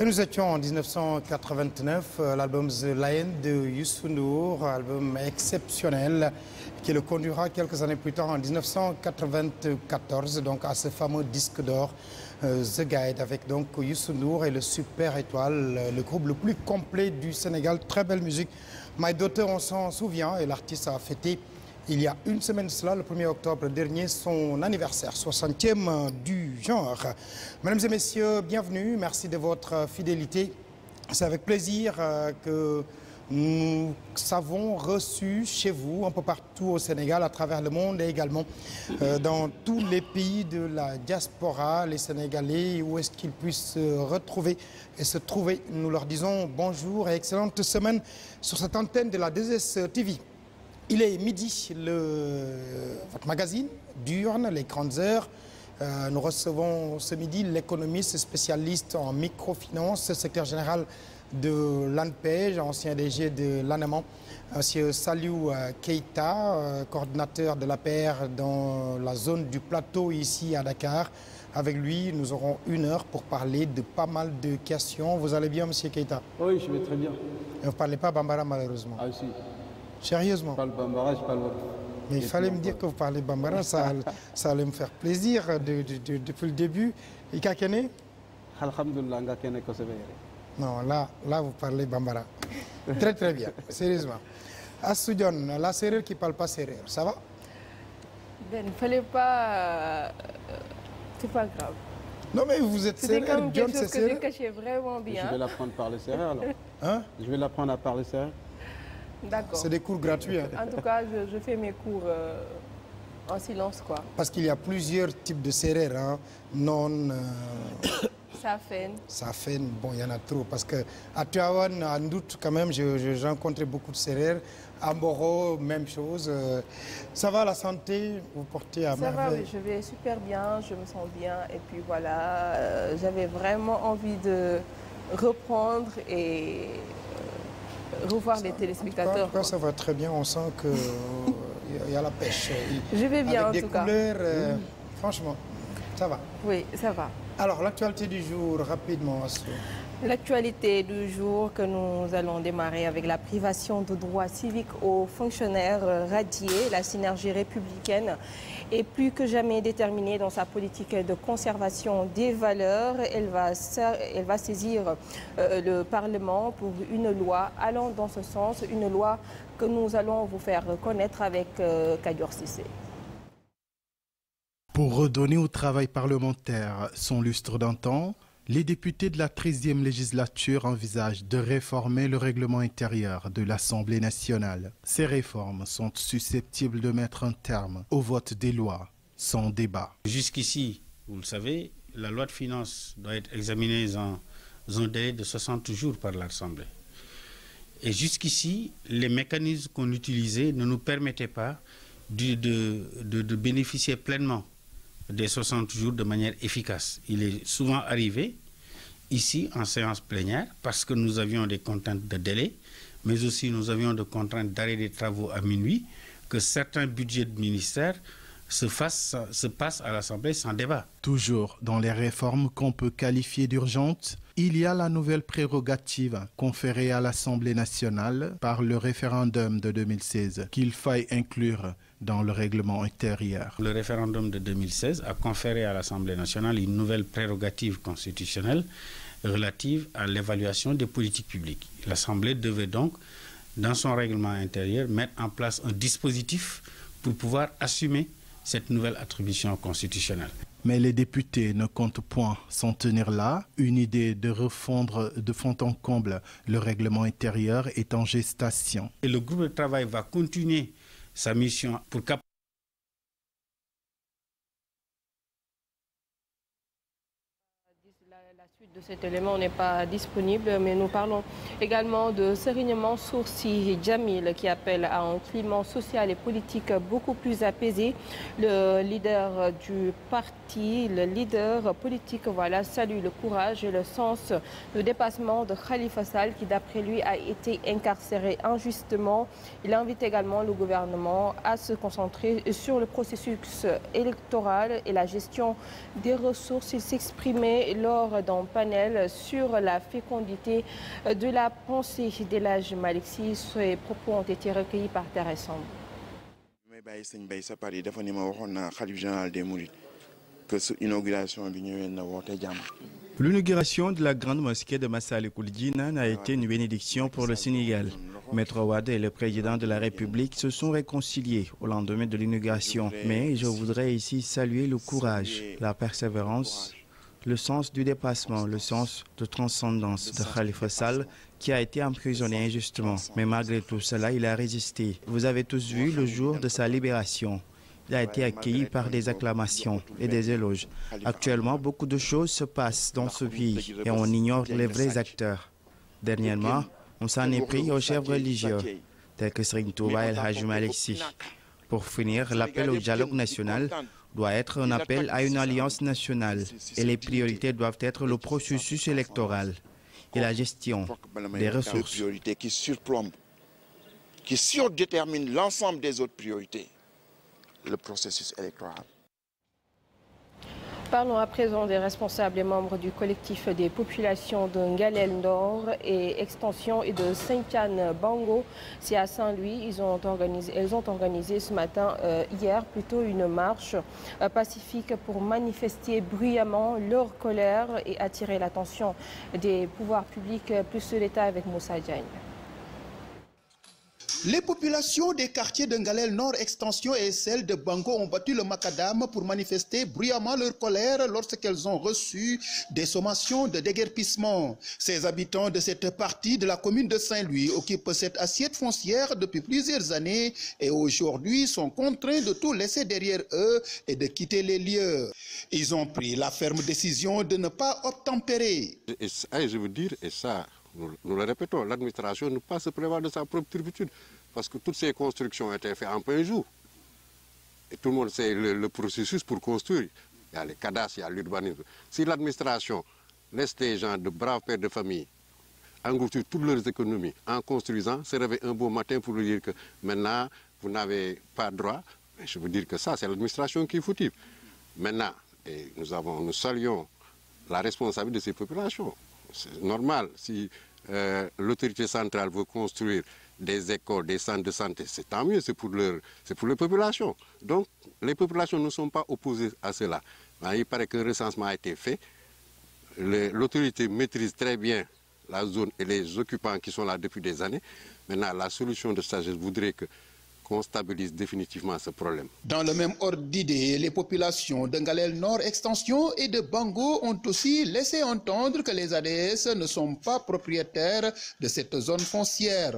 Et nous étions en 1989, euh, l'album The de Youssou N'Dour, album exceptionnel qui le conduira quelques années plus tard en 1994 donc à ce fameux euh, donc Youssou N'Dour et le Super Étoile, euh, le groupe du Sénégal. Très belle musique. My Daughter, on s'en souvient il y a une semaine cela, le 1er octobre dernier, son anniversaire, 60e du genre. Mesdames et messieurs, bienvenue, merci de votre fidélité. C'est avec plaisir euh, que nous avons reçu chez vous, un peu partout au Sénégal, à travers le monde et également euh, dans tous les pays de la diaspora, les Sénégalais, où est-ce qu'ils puissent se retrouver et se trouver. Nous leur disons bonjour et excellente semaine sur cette antenne de la DSTV. TV. Il est midi, le, votre magazine d'urne, les grandes heures. Euh, nous recevons ce midi l'économiste spécialiste en microfinance, secrétaire général de l'ANPEJ, ancien DG de l'ANAMAN, M. Saliou euh, Keita, euh, coordinateur de la l'APR dans la zone du plateau ici à Dakar. Avec lui, nous aurons une heure pour parler de pas mal de questions. Vous allez bien, M. Keita Oui, je vais malheureusement. Ah, Sérieusement. Pas le me dire que vous parlez bambara, ça, plaisir depuis le début. Et qu'a kenné Alhamdoulilah, nga kenné parlez bambara. très, très bien, sérieusement. Astou Dione, la Sérère qui pas Sérère, ça pas... Euh, c'est pas grave. c'est Sérère. C'était comme quelque chose que j'ai caché vraiment bien. Je le Sérère, alors. Hein Je vais l'apprendre à D'accord. C'est des cours gratuits. Hein. En tout cas, je, je fais mes cours euh, en silence, quoi. Parce qu'il y a plusieurs types de serrères, hein. non... Euh... Safen. Safen, bon, il y en a trop. Parce que à Tuawan, en doute, quand même, j'ai je, je, rencontré beaucoup de serrères. À Moro, même chose. Euh, ça va, la santé Vous portez à Ça merveille. va, oui, je vais super bien, je me sens bien. Et puis voilà, euh, j'avais vraiment envie de reprendre et revoir ça, les téléspectateurs. Quand, quand ça va très bien, on sent qu'il euh, y a la pêche. Euh, Je vais bien Avec en tout cas. Avec des couleurs, mmh. franchement, ça va. Oui, ça va. Alors, l'actualité du jour, rapidement. L'actualité du jour que nous allons démarrer avec la privation de droits civiques aux fonctionnaires radiés, la synergie républicaine est plus que jamais déterminée dans sa politique de conservation des valeurs. Elle va, elle va saisir euh, le Parlement pour une loi allant dans ce sens, une loi que nous allons vous faire connaître avec euh, Pour redonner au travail parlementaire son lustre d'antan, Les députés de la 13e législature envisagent de réformer le règlement intérieur de l'Assemblée nationale. Ces réformes sont susceptibles de mettre un terme au vote des lois sans débat. Jusqu'ici, vous le savez, la loi de finances doit être examinée dans un délai de 60 jours par l'Assemblée. Et jusqu'ici, les mécanismes qu'on utilisait ne nous permettaient pas de, de, de, de bénéficier pleinement des jours de manière efficace. Il est souvent arrivé ici en séance plénière parce que nous avions des contraintes de délai, mais aussi nous avions des contraintes d'arrêt des travaux à minuit, que certains budgets de ministère se, fassent, se passent à l'Assemblée sans débat. Toujours dans les réformes qu'on peut qualifier d'urgentes, il y a la nouvelle prérogative conférée à l'Assemblée nationale par le référendum de 2016 qu'il faille inclure dans le règlement intérieur. Le référendum de 2016 a conféré à l'Assemblée nationale une relative à l'évaluation des politiques publiques. L'Assemblée devait donc, dans son règlement intérieur, mettre en place un dispositif pour pouvoir assumer cette nouvelle attribution constitutionnelle. Mais les députés ne comptent point s'en tenir là. Une idée de refondre de fond en comble le règlement intérieur est en gestation. Et le groupe de travail va continuer sa mission pour de cet élément n'est pas disponible, mais nous parlons également de Serigne Mansour Sy qui appelle un climat social et politique beaucoup plus apaisé. Le leader du parti, le leader politique, voilà, salue le courage et le sens de dépassement de Khalifa Sall qui, d'après lui, a été incarcéré injustement. Il invite également le gouvernement à se concentrer sur le processus électoral et la gestion des ressources. Il s'exprimait lors d'un exceptionnel sur la fécondité de la pensée par Thérèse ni ma waxoon naa xalif général des Mourides que su inauguration bi ñëwee na woote jàmm. L'inauguration de la grande mosquée de Massalikul Djinan a été une bénédiction pour le Sénégal. Maître Wade et le président de la République se sont réconciliés au lendemain de l'inauguration. Mais je voudrais ici saluer le courage, la persévérance le sens du dépassement, le sens de transcendance de Khalifa Sall qui a été emprisonné injustement. Mais malgré tout cela, il a résisté. Vous avez tous vu le jour de sa libération. Il a été accueilli par des acclamations et des éloges. Actuellement, beaucoup de choses se passent dans ce pays et on ignore les vrais acteurs. Dernièrement, on s'en est pris aux chefs religieux, tels que Serigne Touba et El Pour finir, l'appel au dialogue national doit être un appel à une alliance nationale et les priorités doivent être le processus électoral et la gestion des ressources. priorités qui surplombent, qui surdéterminent l'ensemble des autres priorités, le processus électoral. Parlons à présent des responsables et membres du collectif des populations de Ngalel Nord et Extension et de Sainte-Anne-Bango. C'est à Saint-Louis. Ils ont organisé, elles ont organisé ce matin, euh, hier, plutôt une marche euh, pacifique pour manifester bruyamment leur colère et attirer l'attention des pouvoirs publics, euh, plus l'État avec Moussa Diagne. Les populations des quartiers de Ngalel Nord Extension et celles de Bango ont battu le macadam pour manifester bruyamment leur colère lorsqu'elles ont reçu des sommations de déguerpissement. Ces habitants de cette partie de la commune de Saint-Louis occupent cette assiette foncière depuis plusieurs années et aujourd'hui sont contraints de tout laisser derrière eux et de quitter les lieux. Ils ont pris la ferme décision de ne pas obtempérer. Et ça, et ça, Nous le répétons, l'administration ne peut pas se prévoir de sa propre turpitude, parce que toutes ces constructions ont été faites en plein jour. Et tout le monde sait le, processus pour construire. Il y a les cadastres, il y a l'urbanisme. Si l'administration laisse les gens de braves pères de famille engloutir toutes leurs économies en construisant, se réveiller un beau matin pour lui dire que maintenant, vous n'avez pas droit, je veux dire que ça, c'est l'administration qui est Maintenant, et nous, avons, la responsabilité de c'est normal si euh, l'autorité centrale veut construire des écoles, des centres de santé, c'est tant mieux, c'est pour leur, c'est pour les populations. Donc les populations ne sont pas opposées à cela. Alors, il paraît qu'un recensement a été fait. L'autorité maîtrise très bien la zone et les occupants qui sont là depuis des années. Maintenant, la solution de sagesse voudrait que qu'on stabilise définitivement ce problème. Dans le même ordre d'idées, les populations de Ngalel Nord Extension et de Bango ont aussi laissé entendre que les ADS ne sont pas propriétaires de cette zone foncière.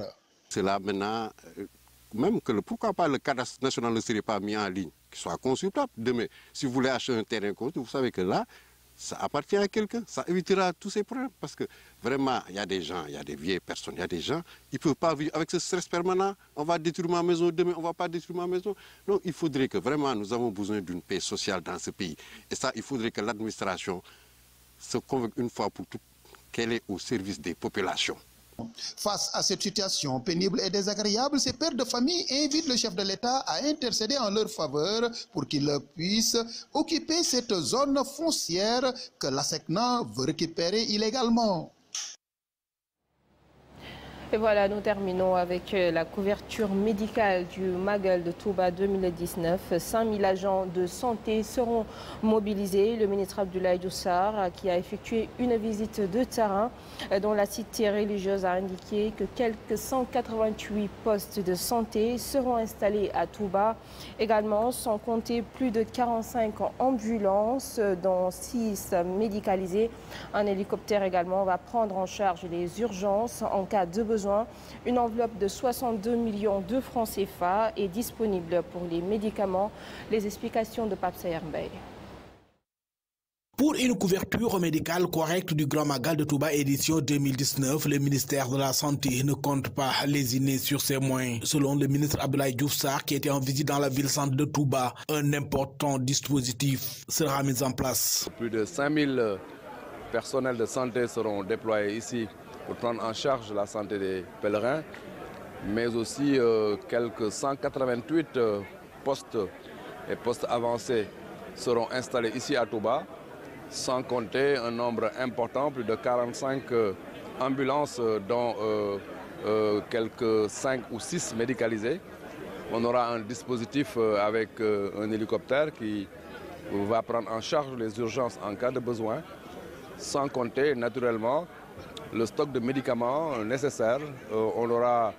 Cela maintenant, euh, même que le, pourquoi pas le cadastre national ne serait pas mis en ligne, qu'il soit consultable. Demain, si vous voulez acheter un terrain compte, vous savez que là, ça appartient à quelqu'un, ça évitera tous ces Parce que vraiment, il y a des gens, il a des vieilles personnes, il y a des gens, ils ne peuvent pas vivre avec ce stress permanent. On va détruire ma maison demain, on va pas détruire ma maison. Donc il faudrait que vraiment, nous avons besoin d'une paix sociale dans ce pays. Et ça, il faudrait que l'administration se convainque une fois pour toutes qu'elle est au service des populations. Face à cette situation pénible et désagréable, ces pères de famille invitent le chef de l'État à intercéder en leur faveur pour qu'ils puissent occuper cette zone foncière que l'ASECNA veut récupérer illégalement. Et voilà, nous terminons avec euh, couverture médicale du Magal de Touba 2019. 5000 agents de santé seront mobilisés. Le ministre Abdoulaye Doussar, euh, qui a effectué une visite de terrain euh, dans la cité religieuse, a indiqué que quelques 188 postes de santé seront installés à Touba. Également, sans compter plus de 45 ambulances, dont 6 médicalisées. Un hélicoptère également va prendre besoins. Une enveloppe de 62 millions de francs CFA est disponible pour les de Pape Sayer Mbaye. le ministère de la Santé ne compte pas lésiner sur ses moyens. Selon le dans la ville-centre de Touba, un important dispositif sera en place. Plus de 5000 personnels de santé seront pour prendre en charge la santé des aussi euh, quelques 188 euh, postes et postes avancés seront installés ici à Touba, sans compter un nombre important, plus de 45 euh, ambulances, euh, dont euh, euh, quelques 5 ou 6 médicalisées. On aura dispositif avec un hélicoptère qui va prendre en charge les en cas de besoin, sans le stock de médicaments nécessaire. Euh, on aura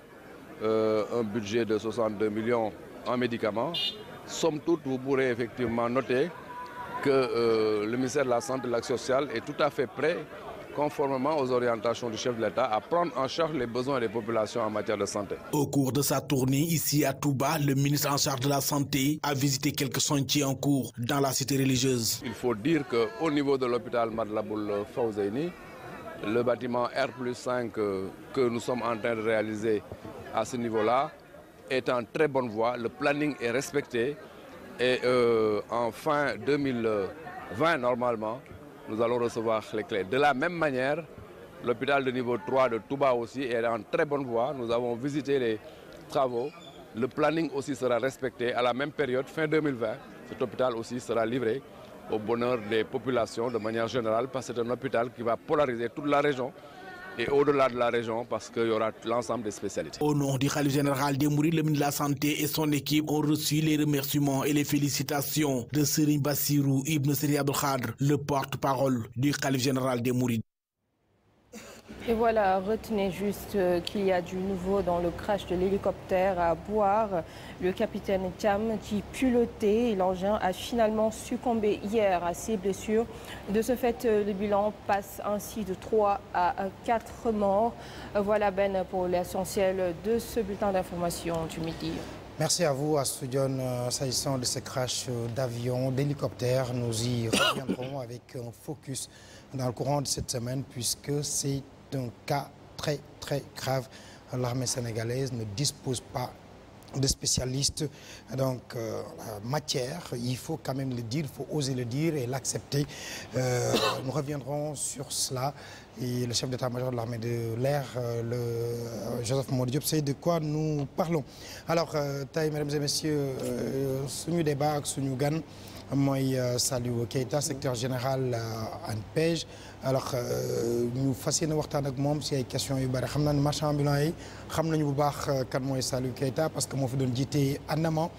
euh, un budget de 62 millions en médicaments. Somme toute, vous pourrez effectivement noter que euh, le ministère de et tout à fait prêt, conformément aux orientations du chef de l'État, à prendre en charge Au cours de sa tournée ici à Touba, le ministre en charge de la Santé a visité quelques sentiers la cité religieuse. Il faut dire qu'au niveau de l'hôpital Madlaboul Fawzaini, le bâtiment R plus 5 que, euh, que nous sommes en train de réaliser à ce niveau-là est en très bonne voie. Le planning est respecté et euh, en fin 2020, normalement, nous allons recevoir les clés. De la même manière, l'hôpital de niveau 3 de Touba aussi est en très bonne voie. Nous avons visité les travaux. Le planning aussi sera respecté à la même période, fin 2020. Cet hôpital aussi sera livré. au bonheur des populations de manière générale parce que c'est un hôpital qui va polariser toute la région et au-delà de la région parce qu'il y aura l'ensemble des spécialités. Au nom du Khalif général des Mourides, le ministre de la Santé et son équipe ont reçu les remerciements et les félicitations de Serigne Bassirou Ibn Seri Abdou le porte-parole du Khalif général des Mourides. Et voilà, retenez juste euh, qu'il y le crash de l'hélicoptère à Boire. Le capitaine Cham, qui pilotait l'engin, a finalement succombé hier à ses blessures. De ce fait, euh, le bilan passe ainsi de trois à 4 morts. Voilà Ben pour l'essentiel de ce bulletin d'information du midi. Merci à vous, Astoudion. Euh, s'agissant de ces crashs d'avions, d'hélicoptères, nous y reviendrons avec un focus dans le courant de cette semaine puisque c'est un cas très très grave l'armée sénégalaise ne dispose pas de spécialistes donc euh, la matière il faut quand même le dire il faut oser le dire et l'accepter euh, nous reviendrons sur cela et le chef d'état-major de l'armée de l'air euh, le euh, Joseph Maodo Diop sait de quoi nous parlons alors euh, tey mesdames et messieurs euh, suñu débat ak suñu gan mooy euh, Saliou Keita secrétaire général euh, ANPEJ alors euh, ñu fas yéene waxtaan ak moom si ay questions yu bëri xam naa ne marchand ambulant yi xam nañu bu baax kan mooy Saliou Keita parce que moo fi doon jiite ANAMA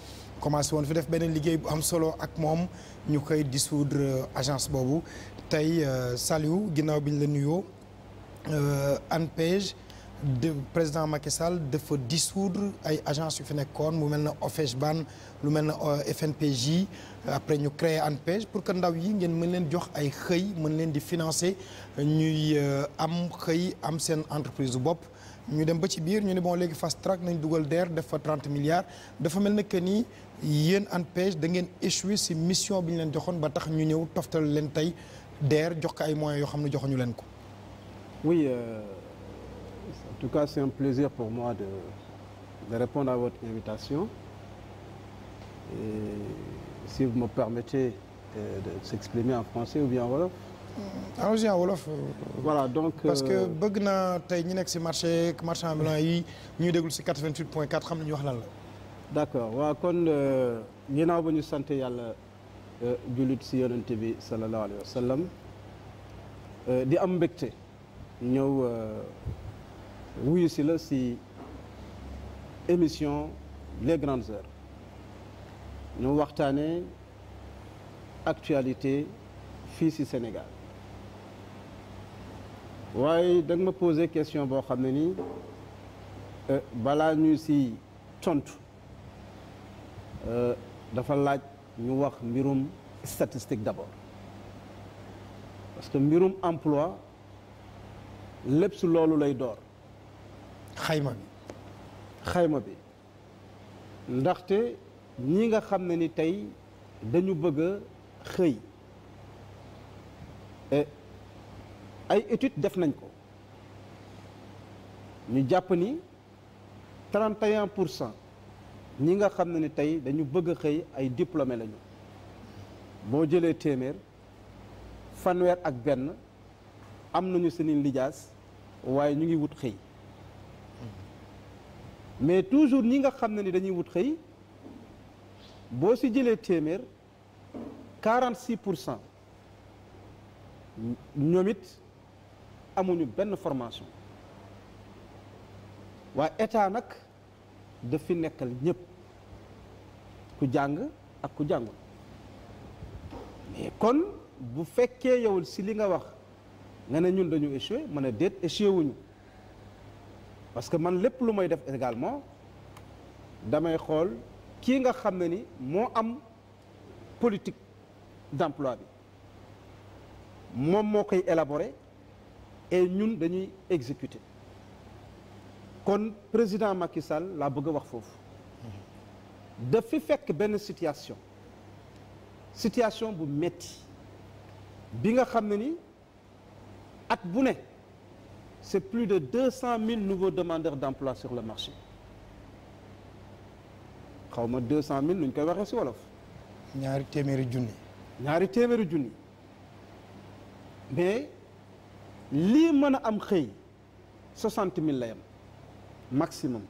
commencé woon fi def benn liggéey bu am solo ak moom ñu koy dissoudre agence boobu tey Saliou ginnaaw bi ñu la nuyoo ANPEJ. de président Macky Sall dafa dissoudre ay agence yu fi nekkoon mu mel na OFEJBAN lu mel na yi euh, après ñu créer ANPEJ pour que ndaw yi ngeen mën leen jox ay xëy mën leen di financer ñuy euh, am xëy am seen entreprise bu bopp ñu dem ba ci biir ñu ne bon léegi fast track nañ dugal DER def fa 30 milliards dafa mel na que ni yéen ANPEJ da ngeen échoué si mission bi ñu leen joxoon ba tax ñu ñëw toftal leen tey DER jox ko ay moyens yoo xam ne joxuñu leen ko. oui. Euh, tout cas, c'est un plaisir pour moi de, répondre à votre invitation. Et si vous me permettez euh, de s'exprimer en français ou bien en wolof. Euh, euh, voilà donc parce que bëgg na tey ñi nekk si marché yeeg marchand ambulant yi ñuy déglu ci 88 point 4 xam nañu wax lan la. d'accord waaw kon ginnaaw ba ñu sant yàlla jullit ci yonent bi sallallahu alayhi wa sallam di am mbégte ñëw. wuyu si la si émission les grandes heures ñu waxtaanee actualité fii si Sénégal waaye da nga ma posé question boo xam ne nii euh, balaa ñu si tontu euh, dafa laaj ñu wax mbirum statistique d'abord parce que mbirum emploi lépp si loolu lay door. xayma bi xayma bi ndaxte ñi nga xam ne ni tey dañu bëgg a xëy eh, ay étude def nañ ko ñu jàpp ni 31 pour cent ñi nga xam na ni tey dañu bëgg a xëy ay diplômé lañu boo jëlee téeméer fanweer ak benn am nañu seeni lijaas waaye ñu ngi wut xëy mais toujours ni nga xam ne ni dañuy wut xëy boo si jëlee téeméer quarante six pour cent ñoom it amuñu benn formation waaye état nag daf fi nekkal ñëpp ku jàng ak ku jàngul mais kon bu fekkee yowul si li nga wax nga ne ñun dañu échoué mën a déet échoué wuñu parce que man lépp lu may def également damay xool kii nga xam ne ni moo am politique d'emploi bi moom moo koy élaborer et ñun dañuy exécuter kon président Macky Sall laa bëgg a wax foofu daf fekk benn situation situation bu metti bi nga xam ne ni at bu ne c'est plus de 200 000 nouveaux demandeurs d'emploi sur le marché xaw ma 200 000 lu ñu koy waxee si wolof. ñaari téeméeri junni. ñaari téeméeri junni mais lii mën a am xëy 60 000 lay am maximum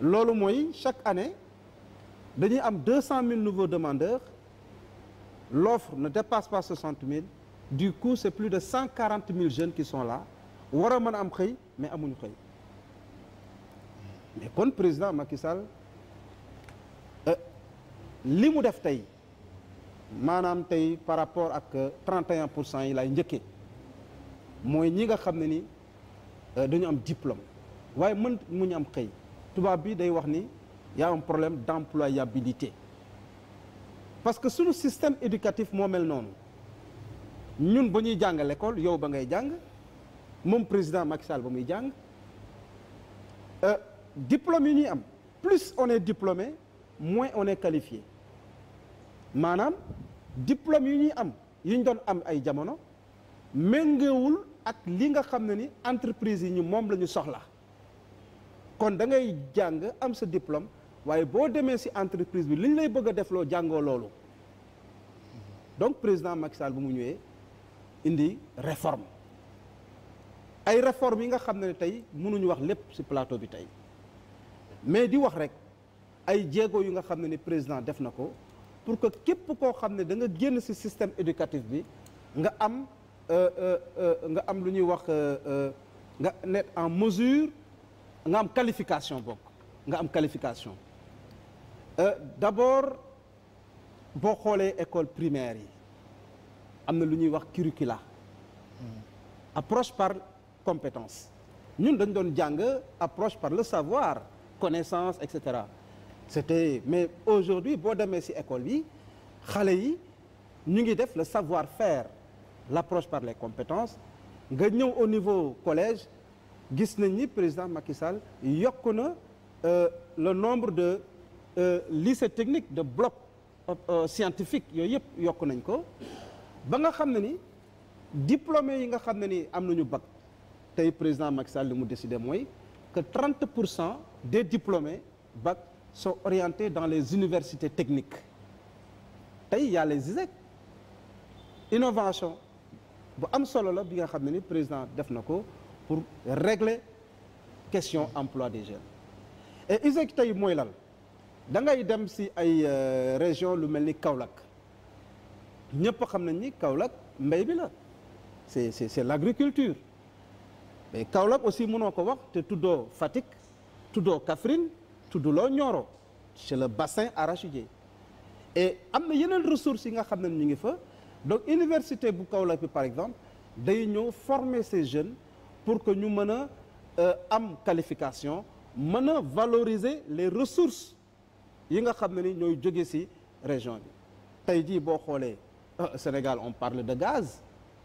loolu mooy chaque année dañuy am 200 000 nouveaux demandeurs l'offre ne dépasse pas 60 000. du coup c'est plus de cent quarante mille jeunes qui sont là war a mën a am xëy mais amuñu xëy mais kon président Macky Sall euh, li mu def tey maanaam tey par rapport ak 31 euh, pour cent yi lay njëkkee mooy ñi nga xam ne ni euh, dañu am diplôme waaye mën mu ñu am xëy tubaab bi day wax ni y a un problème d'employabilité parce que suñu système éducatif moo mel noonu ñun ba ñuy jàng l'école yow ba ngay jàng moom président Macky Sall ba muy jàng euh, diplôme yi ñuy am plus on est diplômé moins on est qualifié maanaam diplôme yi ñuy am yi ñu doon am ay jamono méngewul ak li nga xam ne ni entreprise yi ñu moom lañu soxla kon da ngay jàng am sa diplôme waaye boo demee si entreprise bi li ñu lay bëgg a defloo jàngoo loolu donc président Macky Sall bu mu ñëwee. indi réforme ay réforme yi nga xam ne tey mënuñu wax lépp ci plateau bi tey mais di wax rek ay jéego yu nga xam ne ni président def na ko pour que képp koo xam ne da nga génn ci système éducatif bi nga am euh, euh, euh, nga am lu ñuy wax nga nekk en mesure nga am qualification bokk nga am qualification d'abord boo xoolee école primaire yi am na lu ñuy wax curricula hmm. approche par compétence ñun dañ doon jàng approche par le savoir connaissance et cetera c'était mais aujourd'hui boo demee ci école yi xale yi ñu ngi def le savoir faire l'approche par les compétence nga ñëw au niveau collège gis nañ ni président Macky Sall yokk na euh, le nombre de euh, lycées technique de bloc euh, scientifiques yooyu yëpp yokk nañ ko ba nga xam ne ni diplômé yi nga xam ne ni am nañu bac tey président Macky Sall li mu décidé mooy que 30 pour cent des diplômés bac sont orientés dans les universités techniques tey y a les e innovation bu am solo la bi nga xam ne ni président def na ko pour régler question emploi des jeunes et ISEC tey mooy lan da ngay dem si ay euh, région lu mel ni Kaolack ñëpp xam nañ ni Kaolack mbay bi la c'est c'est c'est l'agriculture mais Kaolack aussi mënoo ko wax te tuddoo Fatick tuddoo Kaffrine tudduloo Nioro c'est le bassin arachidier e am na yeneen ressource yi nga xam ne ñu ngi fa donc université bu Kaolack bi par exemple day ñëw former ces jeunes pour que ñu mën a euh, am qualification mën a valoriser les ressources yi nga xam ne ni ñooy jóge ci région bi tey jii boo xoolee Euh, Sénégal on parle de gaz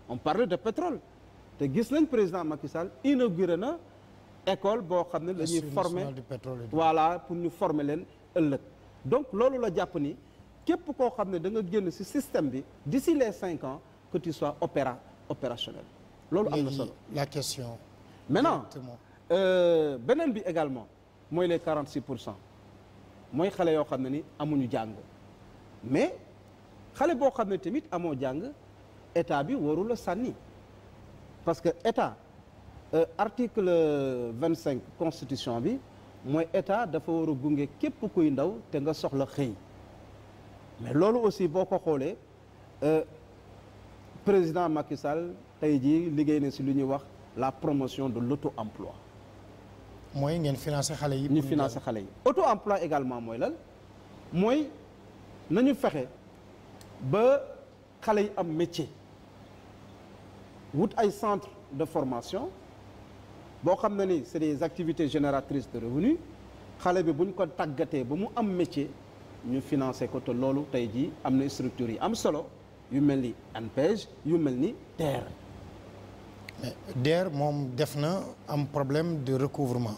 on parle de pétrole te gis nañ président Macky Sall inauguré na école boo xam ne la ñuy former voilà pour ñu former leen ëllëg donc loolu la jàpp ni képp koo xam ne da nga génn si système bi d'ici les cinq ans que tu sois opéra opérationnel loolu am na solo la question maintenant euh, beneen bi également mooy les 46 pour cent mooy xale yoo xam ne ni amuñu jàng mais xale boo xam ne tamit amoo jàng état bi warul la sànni parce que état euh, vingt cinq constitution bi mooy état dafa war a gunge képp kuy ndaw te nga soxla xëy mais loolu aussi boo ko xoolee euh, président Macky Sall tey jii liggéey na si lu ñuy wax la promotion de l' auto emploi. mooy ngeen financer xale yi. ñu financer xale yi auto emploi également mooy lan mooy nañu fexe. ba xale yi am métier wut ay centre de formation boo xam ne ni c'est des activités génératrices de revenus xale bi buñ ko tàggatee ba mu am métier ñu financé ko te loolu tey jii am na structures yi am solo yu mel ni ANPEJ yu mel ni DER. DER moom def na am problème de recouvrement.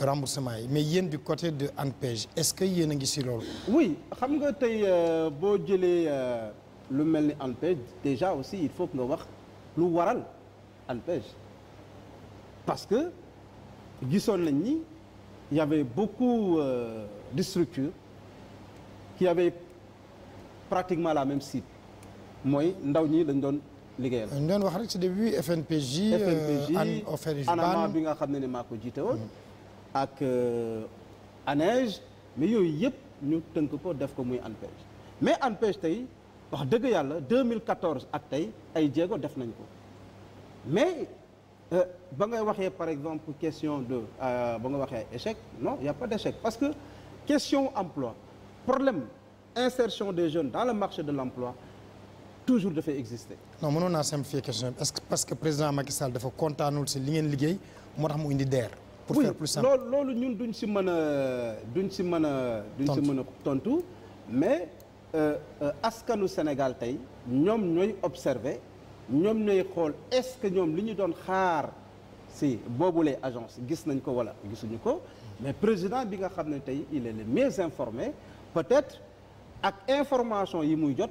remboursement yi mais yéen du côté de ANPEJ est-ce que yéen a ngi si loolu. oui xam nga tey euh, boo jëlee euh, lu mel ni ANPEJ déjà aussi il faut que nga wax lu waral ANPEJ parce que gisoon nañ ni y avait beaucoup euh, de structures qui avaient pratiquement la même cible mooy ndaw ñi lañ doon liggéeyal. ñu doon wax rek ci début FNPJ. FNPJ euh, ANAMA bi nga xam ne maa ko jiite woon. Mm-hmm. ak euh, ANEJ mais yooyu yëpp ñu tënk ko def ko muy ANPEJ mais ANPEJ tey wax dëgg yàlla 2014 ak tey ay jéego def nañ ko mais euh, ba ngay waxee par exemple question de euh, ba nga waxee échec non y a pas d'échec parce que question emploi problème insertion des jeunes dans le marché de l'emploi toujours dafay exister. non mënoon naa simplifier question est-ce que parce que président Macky dafa kontaanul si li ngeen liggéey moo tax mu indi DER. pour oui, loolu ñun duñ si mën a duñ si mën a. duñ si mën a tontu mais euh, euh, askanu Sénégal tey ñoom ñooy observer ñoom ñooy xool est-ce que ñoom li ñu doon xaar si boobulee agence gis nañ ko wala gisuñu ko mais président bi nga xam ne tey il est le mieux informé peut-être ak information yi muy jot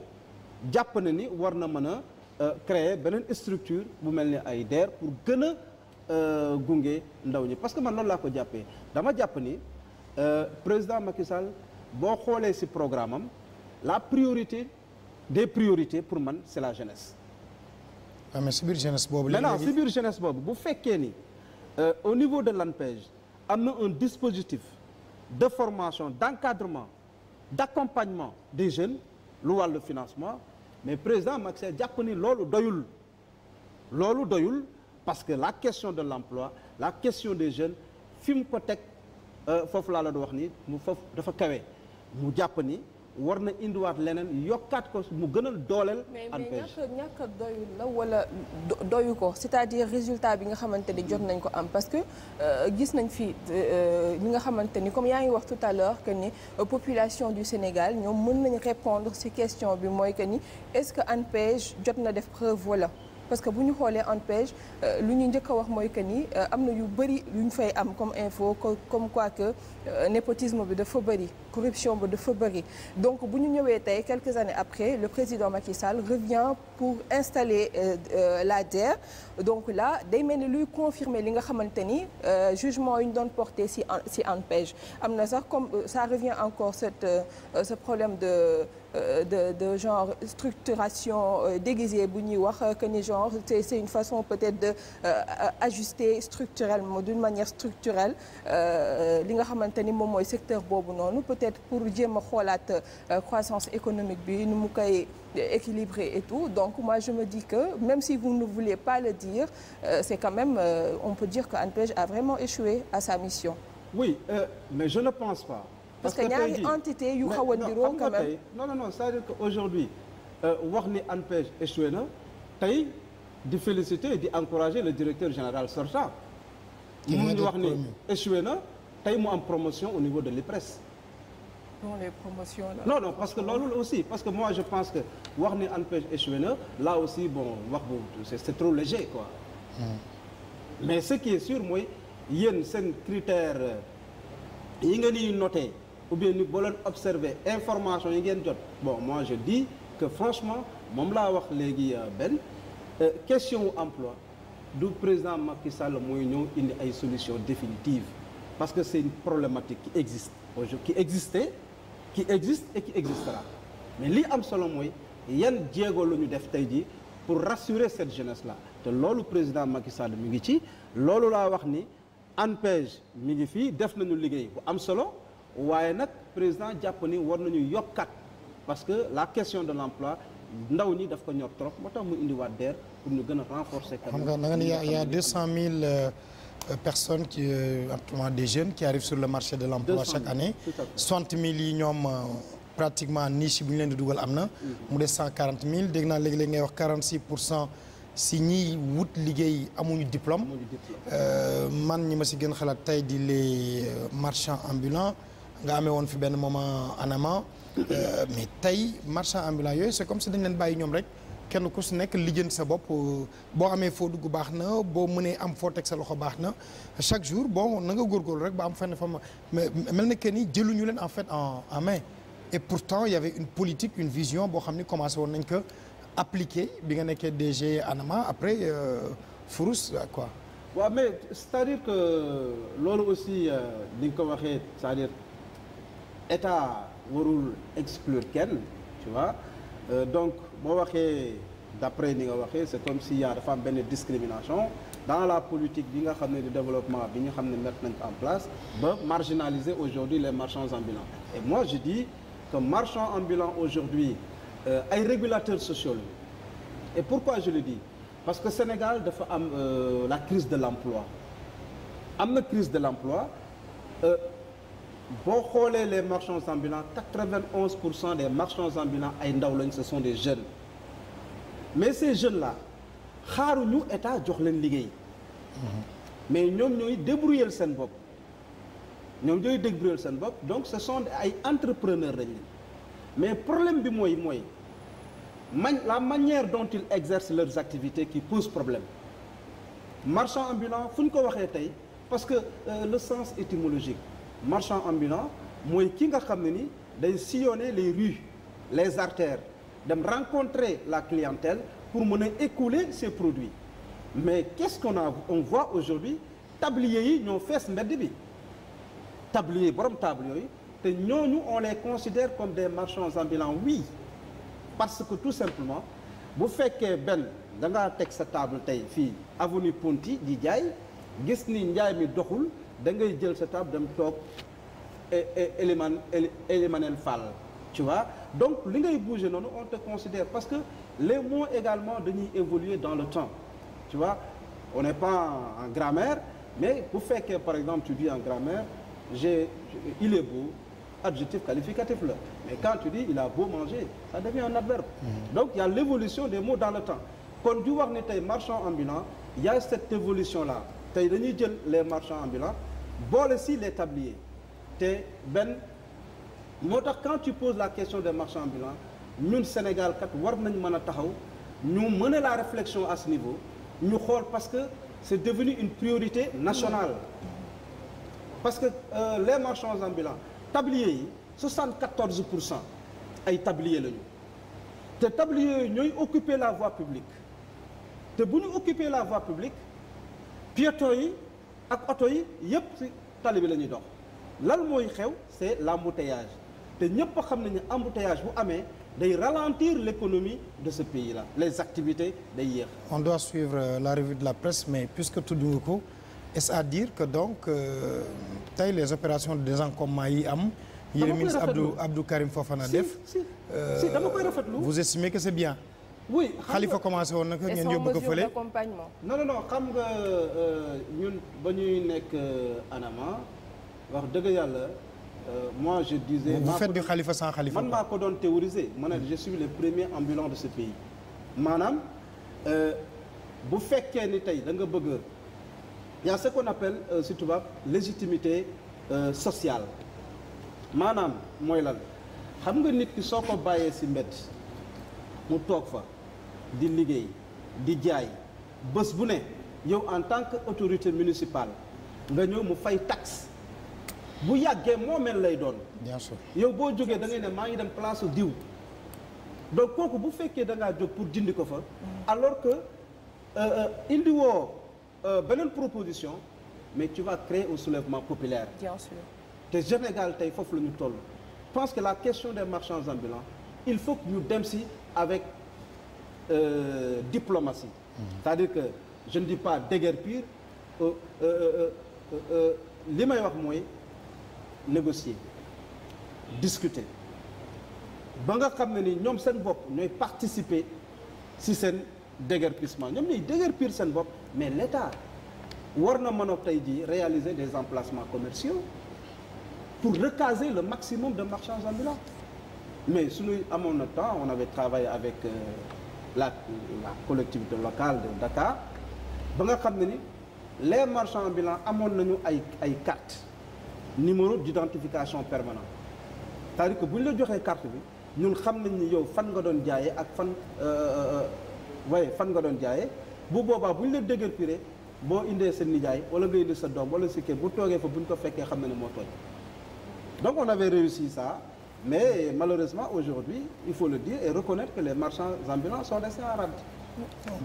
jàpp na ni war na mën a euh, créer beneen structure bu mel ni ay DER pour gën a. Euh, gunge ndaw ñi parce que man loolu laa ko jàppee dama jàpp ni euh, président Macky boo xoolee si programme am la priorité des priorités pour man c'est la jeunesse. waaw ah, mais ci jeunesse boobu. maintenant ci biir jeunesse boobu bu fekkee ni euh, au niveau de l'ANPEJ am na un dispositif de formation d'encadrement d'accompagnement des jeunes lu wàllu financement mais président Macky Sall jàpp ni loolu doyul loolu doyul. parce que la question de l'emploi la question des jeunes fi mu ko teg euh, foofu laa la doon wax ni mu foofu dafa kawe mu jàpp ni war na indiwaat leneen yokkaat ko mu gën a dooleel. ANPEJ mais mais ñàkk a la wala doyu ko c'est-à-dire résultat bi nga xamante ni jot nañ ko am parce que euh, gis nañ fi euh, ñi nga xamante ni comme yaa ngi wax tout à l'heure que ni population du Sénégal ñoom mën nañ répondre si question bi mooy que ni est-ce que ANPEJ jot na def preuve parce que bu ñu xoolee ANPEJ euh, lu ñu njëkk a wax mooy que ni euh, am na yu bëri lu ñu fay am comme info comme quoi que euh, népotisme bi dafa bëri corruption bi fa bëri donc bu ñu ñëwee tey quelques années après le président Macky Sall revient pour installer la DER donc là day mel ni luy confirmer li nga xamante ni jugement yu ñu doon porté si si ANPEJ am na sax comme ça revient encore cette ce problème de Euh, de de genre structuration euh, déguisée bu ñuy wax euh, que ni genre c'est c'est une façon peut-être de ajuster structurellement d'une manière structurelle li nga xamante ni moom mooy secteur boobu noonu peut-être pour jéem a xoolaat croissance économique bi nu mu koy équilibré et tout donc moi je me dis que même si vous ne voulez pas le dire euh, c'est quand même euh, on peut dire que ANPEJ a vraiment à sa mission. Oui, mais je ne pense pas parce que ñaari entité yu xaw a niroo quand même dire que aujourd'hui euh, wax ni ANPEJ échoué na tey di féliciter di encourager le directeur général sortant mënuñu wax ni échoué na tey mu am promotion au niveau de l'IPRES non les promotions là. non non parce que loolu aussi parce que moi je pense que wax ni ANPEJ échoué na là aussi bon wax bu c'est trop léger quoi. Hmm. mais ce qui est sûr mooy yéen seen critère yi nga ni noté. ou bien ni boo leen observé information yi ngeen jot bon moi je dis que franchement moom laa wax léegi euh, benn euh, question wu emploi du président Macky Sall mooy ñëw indi ay solutions définitives parce que c'est une problématique qui existe aujourd'hui qui existait existe mais lii am solo mooy yan jéego la ñu def tey jii pour rassurer cette jeunesse là te loolu président Macky Sall mi ngi ci loolu laa wax ni ANPEJ mi ngi fii def nañu liggéey bu am solo waaye nag président jàpp ni war nañu yokkat parce que la question de l'emploi ndaw ñi daf ko ñoo trop moo tax mu indiwaat DER pour ñu gën a renforcer. xam nga da nga y' a deux cent mille euh, euh, personnes qui euh, actuellement des jeunes qui arrivent sur le marché de l'emploi chaque année. soixante mille yi ñoom pratiquement niche bu ñu leen di dugal am na. Mm-hmm. mu des cent quarante mille dégg naa léegi-léegi ngay wax quarante pour cent. si ñiy wut liggéey amuñu diplôme man ñi ma si gën xalaat tey di les marchands ambulants nga amee woon fi benn moment anama euh, mais tey marchand ambulant yooyu c'est comme si dañ leen bàyyi ñoom rek kenn ku si nekk lijjanti sa bopp euh, boo amee foo dugg baax na boo mënee am foo teg sa loxo baax na chaque jour bon na nga góorgóorlu rek ba am fenn fa mel na que ni jëluñu leen en fait en en main et pourtant il y avait une politique une vision boo xam ni commencé woon nañ ko appliquer bi nga nekkee DG ANAMA après euh, Fourouz quoi. waaw mais cest à loolu aussi ni nga ko état warul exclure kenn tu vois euh, donc boo waxee d'après ni nga waxee c'est comme si yaa dafa am benn discrimination dans la politique bi nga xam ne développement bi nga xam ne mettre nañ ko en place ba marginaliser aujourd'hui les marchands ambulants et moi je dis que marchands ambulants aujourd'hui euh, ay euh, régulateurs sociaux et pourquoi je le dis parce que Sénégal dafa am euh, la crise de l'emploi am na crise de l'emploi euh, boo xoolee les marchands ambulants quatre-vingt-onze pour cent des marchands ambulants ay ndaw lañ ce sont des jeunes mais ces jeunes là xaaruñu état jox leen liggéey mais ñoom ñooy débrouiller seen bopp ñoom ñooy débrouiller seen bopp donc ce sont ay entrepreneurs lañ mais problème bi mooy mooy man la manière dont ils exercent leurs activités qui pose problème marchand ambulant fu ñu ko waxee tey parce que euh, le sens étymologique marchand ambulant mooy ki nga xam ne ni day sillonner les rues les artères dem rencontrer la clientèle pour mun a écouler ses produits mais qu'est-ce qu'on a on voit aujourd'hui tablier yi ñoo fees mbedd bi tablier borom table yooyu te ñooñu on les considère comme des marchands ambulants oui parce que tout simplement bu fekkee benn da ngaa teg sa table tey fii avenue Ponty di jaay gis ni njaay mi doxul da ngay jël sa table dem toog e, e, Eliman Elimanel Fall tu vois donc li ngay bouger noonu on te considère parce que les mots également dañuy évoluer dans le temps tu vois on n'est pas en grammaire mais bu fekkee par exemple tu dis en grammaire j'ai il est beau adjectif qualificatif la mais quand tu dis il a beau manger ça devient un adverbe mm-hmm. donc il y a l'évolution des mots dans le temps kon du wax ne tey marchand ambulant il y a cette évolution là tey dañuy jël les marchands ambulants boole si les tabliers te benn moo tax quand tu poses la question des marchands ambulants ñun Sénégal kat war nañu mën a taxaw ñu mener la réflexion à ce niveau ñu xool parce que c'est devenu une priorité nationale parce que euh, les marchands ambulants tabliers yi 74 pour cent ay tabliers lañu te tabliers yooyu ñooy occuper la voie publique te bu ñu occuper la voie publique piétons yi ak oto yi yëpp ci tali bi la ñuy dox lan mooy xew c'est l'embouteillage te ñëpp xam nañu embouteillage bu amee day ralentir l'économie de ce pays la les activités day yéex. on doit suivre euh, la revue de la presse mais puisque tudd nga ko est-ce à dire que donc euh, tey les opérations de désencombrement yi am. dama koy rafetlu yéen ministre Abdou Abdou Karim Fofana def. si si si euh, dama koy rafetlu. vous estimez que c'est bien. oui xalifa commencé woon nag ngeen yóbbu ko fële d'accompagnement non non non xam nga euh, ñun ba ñuy nekk euh, anama wax dëgg yàlla euh, moi je disais. vous faites du xalifa sans xalifa man maa ko doon théoriser ma ne je suis le premier ambulant de ce pays maanaam bu fekkee ni tey da nga bëgg y a ce qu'on appelle si tubaab légitimité sociale maanaam mooy lan xam nga nit ki soo ko bàyyee si mbedd mu toog fa di liggéey di jaay bés bu ne yow en tant que autorité municipale nga ñëw mu fay tax bu yàggee moomeel lay doon. bien yow boo jógee da ngay ne maa ngi dem place diw. donc kooku bu fekkee dangaa jóg pour dindi ko fa. alors que euh, euh, indi woo euh, beneen proposition mais tu vas créer un soulèvement populaire. bien sûr te Sénégal tey foofu la ñu toll. je pense que la question des marchands ambulants il faut que ñu dem si avec. euh, diplomatie. Mmh. c'est-à-dire que je ne dis pas déguerpir euh, euh, euh, li may wax mooy négocier discuter ba nga xam ne ni ñoom seen bopp ñooy participer ci seen déguerpissement ñoom ñooy déguerpir seen bopp mais l'État war na mën a tey jii réaliser des emplacements commerciaux pour recaser le maximum de marchands ambulants mais suñuy amoon na temps on avait travaillé avec la la collectivité locale de Dakar ba nga xam ne ni leer marchands ambulants amoon nañu ay ay carte numéro d'identification permanente c'est-à-dire que bu ñu la joxee carte bi ñun xam nañ ni yow fan nga doon jaayee ak fan euh, euh, euh, waaye fan nga doon jaayee bu boobaa bu ñu la déguerpiré boo indee sa nijaay wala nga indi sa doom wala sa kër bu toogee fa bu ñu ko fekkee xam na ni moo tooy donc on avait réussi ça Mais malheureusement, aujourd'hui, il faut le dire et reconnaître que les marchands ambulants sont restés en rade.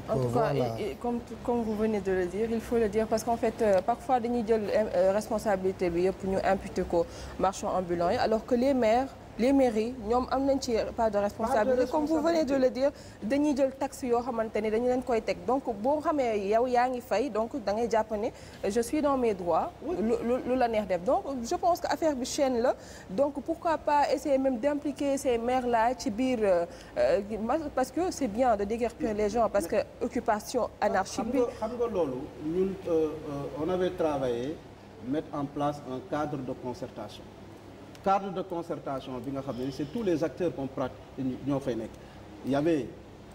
En tout cas, voilà. et, et, comme, comme vous venez de le dire, il faut le dire parce qu'en fait, euh, parfois, dañuy jël euh, euh, responsabilité bi yëpp ñu imputer ko marchands ambulants yi alors que les maires les mairies ñoom am nañ ci part de responsabilité comme vous venez de le dire dañuy jël taxe yoo xamante ni dañu leen koy teg donc boo xamee yow yaa ngi fay donc da ngay jàpp ne euh, je suis dans mes droits lu la neex def donc je pense que affaire bi chaîne la donc pourquoi pas essayer même d'impliquer ces maires là ci biir euh, euh, parce que c'est bien de déguerpir les gens parce que occupation ah, anarchique bi xam nga loolu ñun on avait en place un cadre de cadre de concertation bi nga xam ne c'est tous les acteurs qu'on pratique ñoo fay nekk il y avait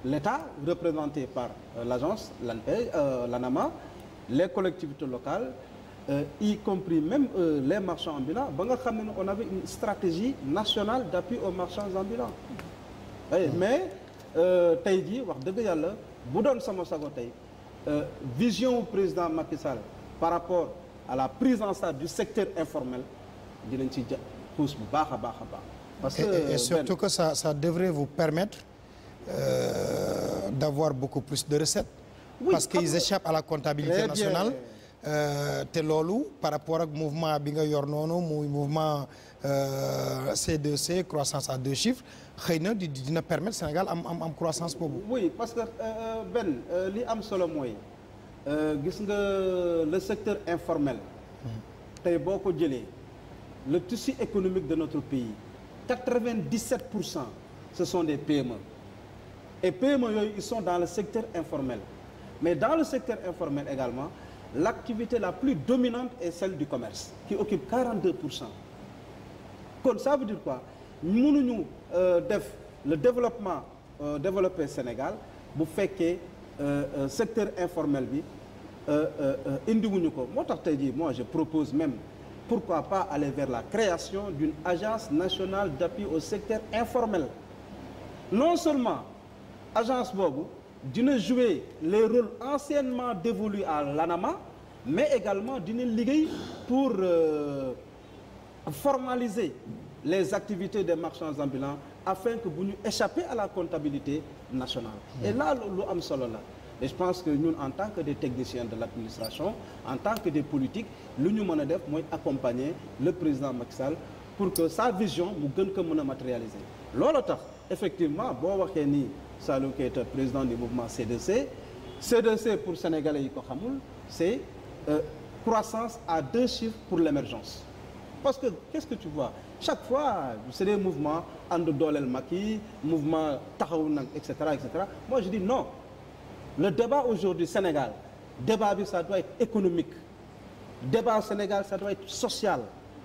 l'État représenté par euh, l'agence l'ANPEJ euh, l'ANAMA les collectivités locales Euh, y compris même euh, les marchands ambulants ba nga xam ne on avait une stratégie nationale d'appui aux marchands ambulants eh, oui, mmh. mais tey jii wax dëgg yàlla bu doon sama sago tey vision président Macky par rapport à la prise en charge du secteur informel dinañ ci jàpp pousse bu baax a baax a baax. parce que et surtout que ça ça devrait vous permettre euh, d'avoir beaucoup plus de recettes. Oui, parce qu'ils que... échappent à la comptabilité nationale. Euh, te loolu par rapport ak mouvement bi nga yor noonu muy mouvement C2C euh, croissance à deux chiffres xëy na di dina permettre Sénégal am am am croissance boobu. oui parce que euh, benn li am solo mooy gis nga le secteur informel. Mm-hmm. le tissu économique de notre pays 97 pour cent ce des PME et PME yooyu sont dans le secteur informel mais dans le secteur informel également l'activité la plus dominante est celle du commerce qui occupe 42 pour cent kon ça veut dire quoi mënuñu euh, def le développement euh, Sénégal bu fekkee euh, euh secteur informel bi euh, indiwuñu ko moo tax tey jii moi propose même pourquoi pas aller vers la création d'une agence nationale d'appui au secteur informel non seulement agence boobu dina jouer les rôles anciennement dévolus à l'ANAMA mais également dina liggéey pour euh, formaliser les activités des marchands ambulants afin que bu ñu échapper à la comptabilité nationale et là lu am solo la et je pense que ñun en tant que de techniciens de l'administration en tant que des politiques lu ñu mën a def mooy accompagner le président Macky Sall pour que sa vision mu gën ko mën a matérialiser loolu tax effectivement boo waxee ni Salou Keita président du mouvement CDC CDC pour sénégalais yi ko xamul c'est euh, croissance à deux chiffres pour l'émergence parce que qu'est-ce que tu vois chaque fois c'est des mouvements ànd dooleel Macky mouvement taxawu nag et cetera et cetera moi je le débat aujourd'hui Sénégal débat bi ça doit être économique débat au Sénégal ça doit être social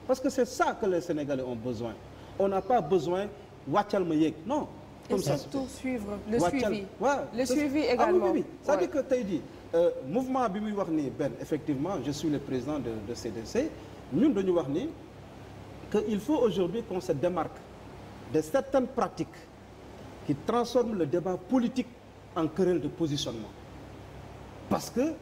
parce que c'est ça que les Sénégalais ont besoin on n'a pas besoin wàccal ma yéeg non comme et ça surtout suivre le wàccal, suivi ouais, le ah, que tey jii euh, mouvement bi muy wax ni benn effectivement je suis le président de, de CDC ñun dañu wax ni que il faut aujourd'hui qu'on se démarque de certaines pratiques qui transforment le débat politique en querelle de positionnement parce que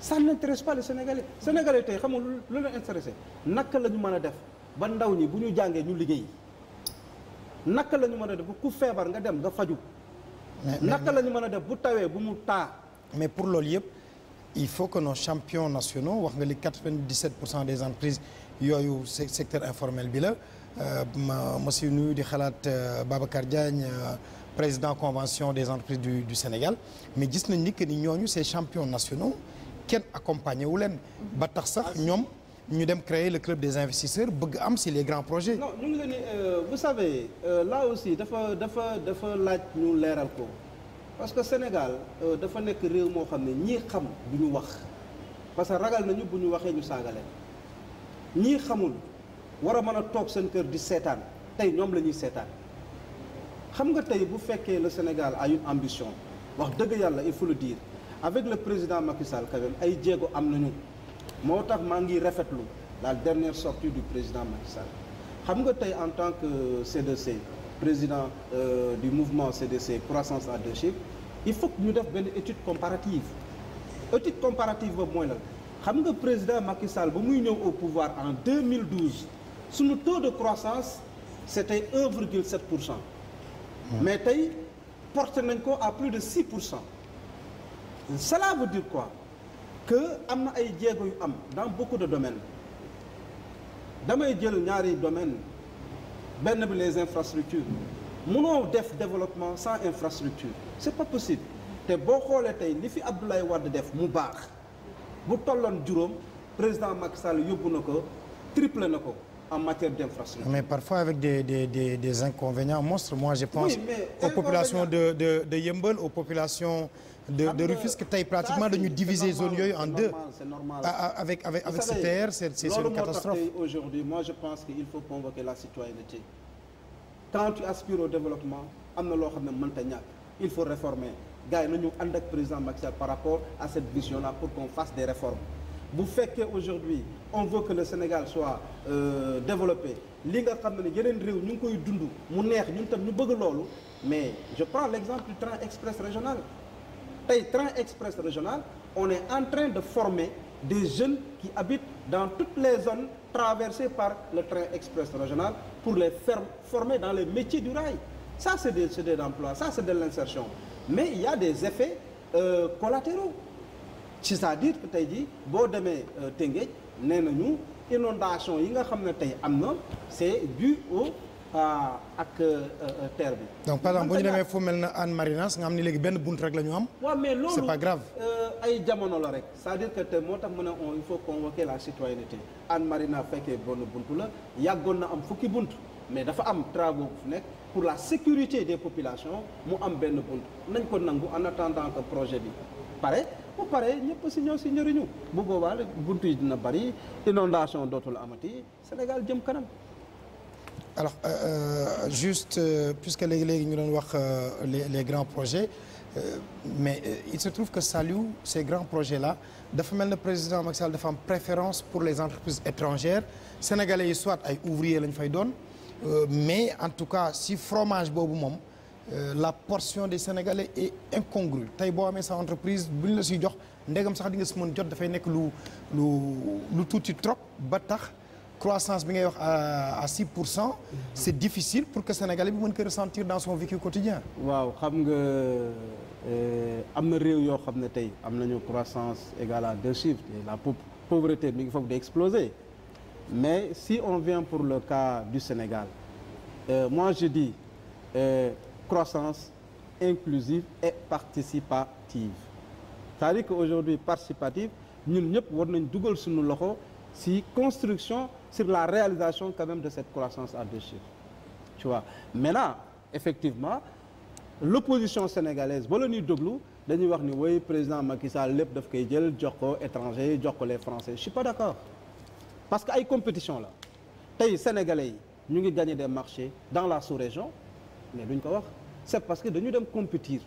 ça n'intéresse pas les Sénégalais Sénégalais tey xam nga lu leen intéressé naka la ñu mën a def ba ndaw ñi bu ñu jàngee ñu liggéey naka lañu ñu mën a def ku feebar nga dem nga faju naka la ñu mën a def bu tawee bu mu taa mais pour loolu yëpp il faut que nos champion nationaux wax nga li 97 pour cent des entreprises yooyu secteur informel bi la euh, ma ma si nuyu di xalaat euh, Babacar Diagne euh, président convention des entreprises du du Sénégal mais gis nañ ni que ni ñooñu ces champions nationau kenn accompagné wu leen. ba tax sax ñoom ñu dem créer le club des investisseurs bëgg am si les grands projets. non ñu ngi leen euh, vous savez euh, là aussi dafa dafa dafa laaj ñu leeral kooku parce que Sénégal euh, dafa nekk réew moo xam ne ñii xam du ñu wax parce que ragal nañu bu ñu waxee ñu saagale ñii xamul war a mën a toog seen kër di seetaan tey ñoom la ñuy seetaan. xam nga tey bu fekkee le Sénégal a une ambition wax dëgg yàlla il faut le dire avec le président Macky Sall quand ay jéego am na nañu moo tax maa ngi rafetlu la dernière sortie du président Macky Sall xam nga tey en tant que CDC président euh, du mouvement CDC croissance à deux chiffres il faut que ñu def benn étude comparative étude comparative boobu mooy lan xam nga président Macky ba muy ñëw au pouvoir en 2012 suñu taux de croissance c'était 1,7 pour cent mais tey porté nañ ko à plus de 6 pour cent cela veut dire quoi que am na ay jéego yu am dans beaucoup de domaines damay jël ñaari domaine benn bi les infrastructures mënoo def développement sans infrastructure c'est pas possible te boo xoolee tey li fi Abdoulaye Wade def mu baax bu tolloon juróom président Macky Sall yóbbu na ko triplé na ko en matière d'infrastructure. Mais parfois avec des des des des inconvénients monstres. je pense aux populations de de de aux populations de de Rufisque tey pratiquement dañu diviser zone yooyu en deux. C'est normal. Avec avec avec CTR, c'est c'est une catastrophe. Aujourd'hui, moi je pense qu'il faut convoquer la citoyenneté. Quand tu aspires au développement, am na loo xam ne mënta ñàkk. Il faut réformer. Gars yi nañu ànd ak président Macky par rapport à cette vision-là pour qu'on fasse des réformes. Bu fekkee aujourd'hui on veut que le Sénégal soit euh, développé li nga xam ne yeneen réew ñu ngi koy dund mu neex ñun tam ñu bëgg loolu mais je prends l'exemple du train express régional tey train express régional on est en train de former des jeunes qui habitent dans toutes les zones traversées par le train express régional pour les faire former dans les métiers du rail ça c'est des c'est des emplois ça c'est de l'insertion mais il y a des effets euh, collatéraux tey jii boo demee euh, Tëngéej nee ñu inondation yi nga xam ne tey am na c'est dû au euh, ak euh, euh, terre bi. donc par exemple bu ñu demee fu mel na Anne Marinas nga xam ni léegi benn bunt rek la am. waaw mais loolu c'est pas grave. ay jamono la rek c'est-à-dire que te moo tax mu ne on il faut convoquer la citoyenneté Anne Marina fekkee bonn bunt la yàggoon na am fukki bunt mais dafa am travaux bu fi nekk pour la sécurité des populations mu am benn bunt nañ ko nangu en attendant que projet bi pare. bu paree ñëpp si ñëw si njëriñu bu boobaa la bunt yi dina bari inondation dootul amati Sénégal jëm kanam. alors euh, euh juste euh, puisque léegi léegi ñu doon wax euh, les les grands projets euh, mais euh, il se trouve que Saliou ces grands projets là dafa mel ne président Macky Sall dafa am préférence pour les entreprises étrangères sénégalais yi soit ay ouvrier lañ fay doon mais en tout cas si fromage boobu moom. Euh, la portion des Sénégalais est incongrue tey boo amee sa entreprise bu ñu la si jox ndegam sax di nga si mën jot dafay nekk lu lu lu tuuti trop ba tax croissance bi ngay wax à à pour cent. c' est difficile pour que Sénégalais bi mën ko ressentir dans son vécu quotidien waaw xam nga euh, am na réew yoo xam ne tey am nañu croissance égale à deux chiffres et la pauvreté mi ngi foofu di exploser mais si on vient pour le cas du Sénégal euh, moi je dis. Euh, croissance inclusive et participative c'est-à-dire qu'aujourd'hui participative ñun ñëpp war nañ dugal suñu loxo si construction sur la réalisation quand même de cette croissance à deux chiffres tu vois effectivement l'opposition sénégalaise ba nuy ñuy déglu dañuy wax ni woy président Macky Sall lépp daf koy jël jox ko étranger yi jox ko les français je suis pas d'accord parce que ay compétition la tey sénégalais yi ñu ngi gagner des marchés dans la sous-région mais duñ ko wax c'est parce que dañu dem compétir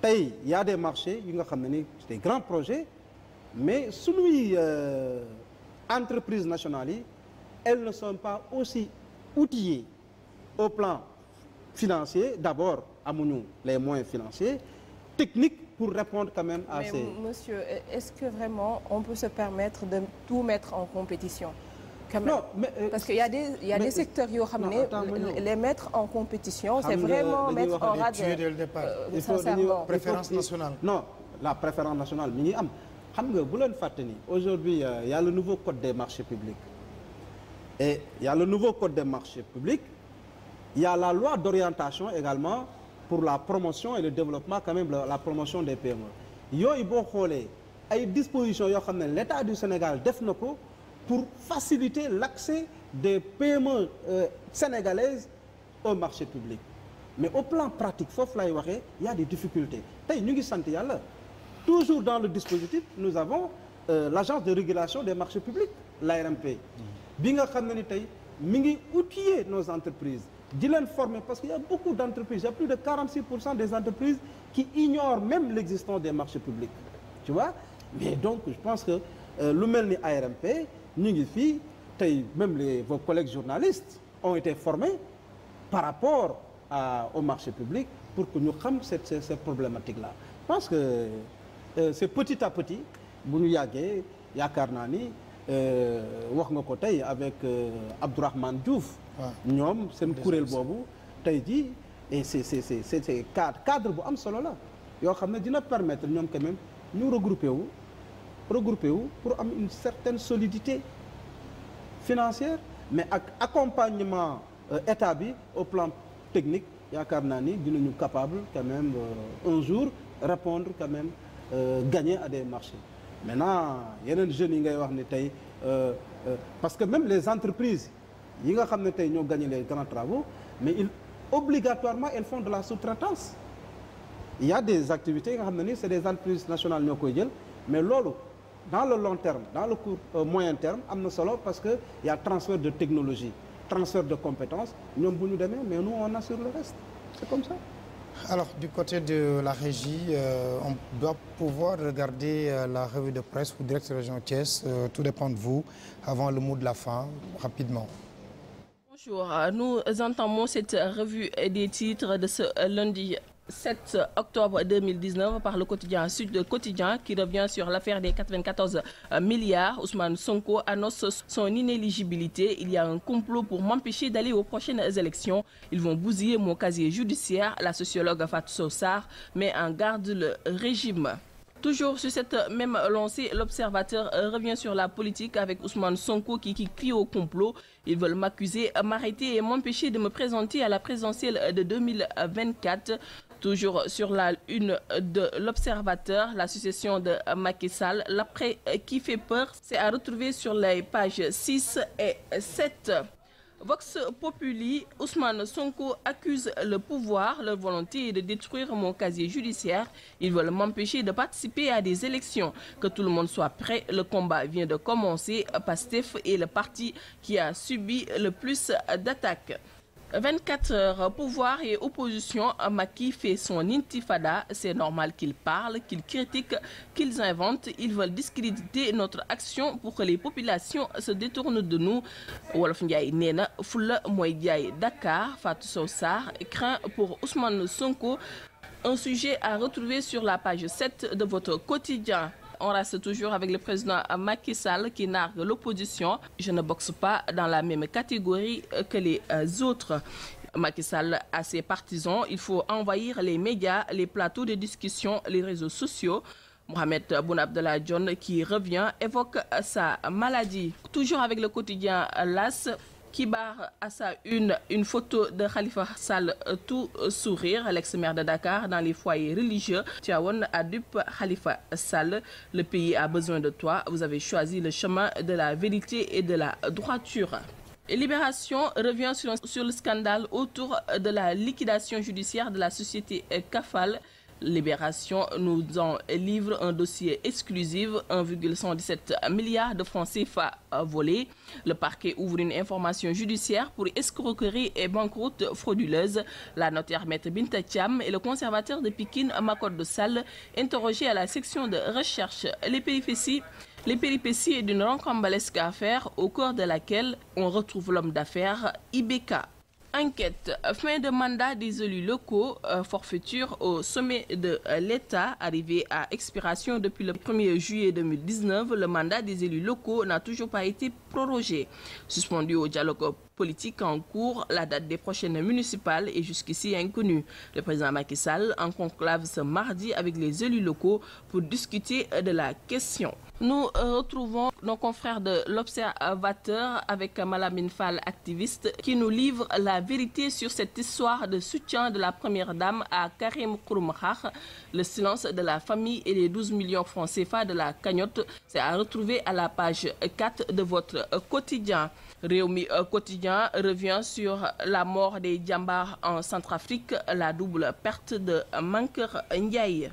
tey y a des marchés yu nga xam ne ni des grands projets mais suñuy euh, entreprise nationales yi elles ne sont pas aussi outillées au plan financier d'abord amuñu les moyens financiers techniques pour répondre quand même à mais ces... monsieur est-ce que vraiment on peut se permettre de tout mettre en compétition quand même. Euh, parce que y a des secteurs yoo xam ne les mettre en compétition. c'est vraiment mettre en rade euh, sincèrement préférence nationale. non la préférence nationale mi ngi am xam nga bu leen fàtte ni aujourd'hui euh, y a le nouveau code des marchés publics et nouveau code des marchés publics il y la loi d'orientation également pour la promotion et le développement quand même la promotion des PME yooyu boo xoolee ay dispositions yoo xam ne l'État du Sénégal def na ko. pour faciliter l'accès des PME euh, sénégalaises au marché public mais au plan pratique foofu lay waxee y a tey ñu ngi sant yàlla toujours dans le dispositif nous avons euh, l'agence de régulation des marchés publics l'ARMP mmh. bi nga xam ne tey mi ngi outiller nos entreprises di leen former parce qu'il y a beaucoup d'entreprises il y pour cent des entreprises qui ignorent même l'existence des marchés publics tu donc je pense que euh, lu mel ni ARMP ñu ngi fii tey même les vos collègues journalistes ont été formés par rapport à au marché public pour que ñu xam cette cette problématique la parce que euh, c'est petit à petit bu ñu yàggee yaakaar naa ni euh, wax nga ko tey avec euh, Abdourahmane Diouf ñoom seen kuréel boobu tey jii et c'est c'est c'est c'est cadre cadre bu am solo la yoo xam ne dina permettre ñoom quand ñu regrouper wu regroupé wu pour am une certaine solidité financière mais ak accompagnement euh, état bi au plan technique yaakaar naa ni dinañu capable quand même euh, un jour répondre quand même euh, gagner à des marchés maintenant yeneen jeunes yi ngay wax ni tey parce que même les entreprises yi nga xam ne tey ñoo gagné les grands travaux mais ils obligatoirement elles font de la sous-traitance il y a des activités yi nga xam ne ni c'est des entreprises nationales ñoo koy jël mais loolu dans le long terme dans le court euh, moyen terme am na solo parce que y a transfert de technologie transfert de compétences ñoom bu ñu demee mais nous on assure le reste c'est comme ça. alors du côté de la régie euh, on doit pouvoir regarder euh, la revue de presse ou direct région Thiès euh, tout dépend de vous avant le mot de la fin rapidement. nous entamons cette revue des titres de lundi. 7 octobre 2019 par le quotidien Sud le Quotidien qui revient sur l'affaire des 94 euh, milliards. Ousmane Sonko son inéligibilité. Il y a un complot pour m'empêcher d'aller aux prochaines élections. Ils vont en garde le régime. Toujours sur cette même lancée, l'observateur euh, revient sur la politique avec Ousmane Sonko qui, qui crie au complot. Ils veulent m'accuser, m'arrêter et m'empêcher de me présenter à la présidentielle de Toujours sur la une de l'Observateur, la succession de Macky Sall, l'après euh, qui fait peur, c'est à retrouver sur les pages 6 et 7. Vox Populi, Ousmane Sonko accuse le pouvoir, leur volonté est de détruire mon casier judiciaire. Ils veulent m'empêcher de participer à des élections. Que tout le monde soit prêt, le combat vient de commencer. PASTEF est le parti qui a subi le plus d'attaques. 24 heures, pouvoir et opposition, Macky fait son intifada. C'est normal qu'ils parlent, qu'ils critiquent, qu'ils inventent. Ils veulent discréditer notre action pour que les populations de nous. Wolof Ndiaye nee na fula mooy jaay Dakar Fatou Sow Sarr craint pour Ousmane Sonko. Un sujet à retrouver sur la page 7 de votre quotidien. on reste toujours avec le président Macky Sall qui nargue l'opposition. Je ne boxe pas dans la même catégorie que les euh, autres. Macky Sall à ses partisans, il faut envahir les médias, les plateaux de discussion, les réseaux sociaux. Mohamed Boun Abdallah John qui revient évoque sa maladie. Toujours avec le quotidien LAS, Kibar à sa une, une photo de Khalifa Sall euh, tout sourire, l'ex-maire de Dakar dans les foyers religieux. Tiawan adupe Khalifa Sall, le pays a besoin de toi, vous avez choisi le chemin de la vérité et de la droiture. Libération revient sur, sur le scandale autour de la liquidation judiciaire de la société Kafal. Libération nous en livre un dossier exclusif, 1,117 milliard de francs CFA volés. Le parquet ouvre une information judiciaire pour escroquerie et banqueroute frauduleuse. La notaire Maître Binta Thiam et le conservateur de Pékin, Makot de Salle, interrogés à la section de recherche les péripéties les péripéties d'une rocambolesque affaire au cours de laquelle on retrouve l'homme d'affaires Ibeka Enquête. Fin de mandat des élus locaux, euh, au sommet de euh, l'État, arrivé à expiration depuis le 1er juillet 2019, le mandat des élus locaux n'a toujours pas été prorogé. Suspendu au dialogue politique en cours, la date des prochaines municipales est jusqu'ici inconnue. Le président Macky Sall en conclave ce mardi avec les élus locaux pour discuter de la question. Nous euh, retrouvons nos confrères de l'Observateur avec Malamine Fall, activiste, qui nous livre la vérité sur cette histoire de soutien de la Première Dame à Karim Kouroumakh, le silence de la famille et les 12 millions francs CFA de la cagnotte. C'est à retrouver à la page 4 de votre quotidien. Réwmi euh, quotidien revient sur la mort des Diambars en Centrafrique, la double perte de Mankeur Ndiaye.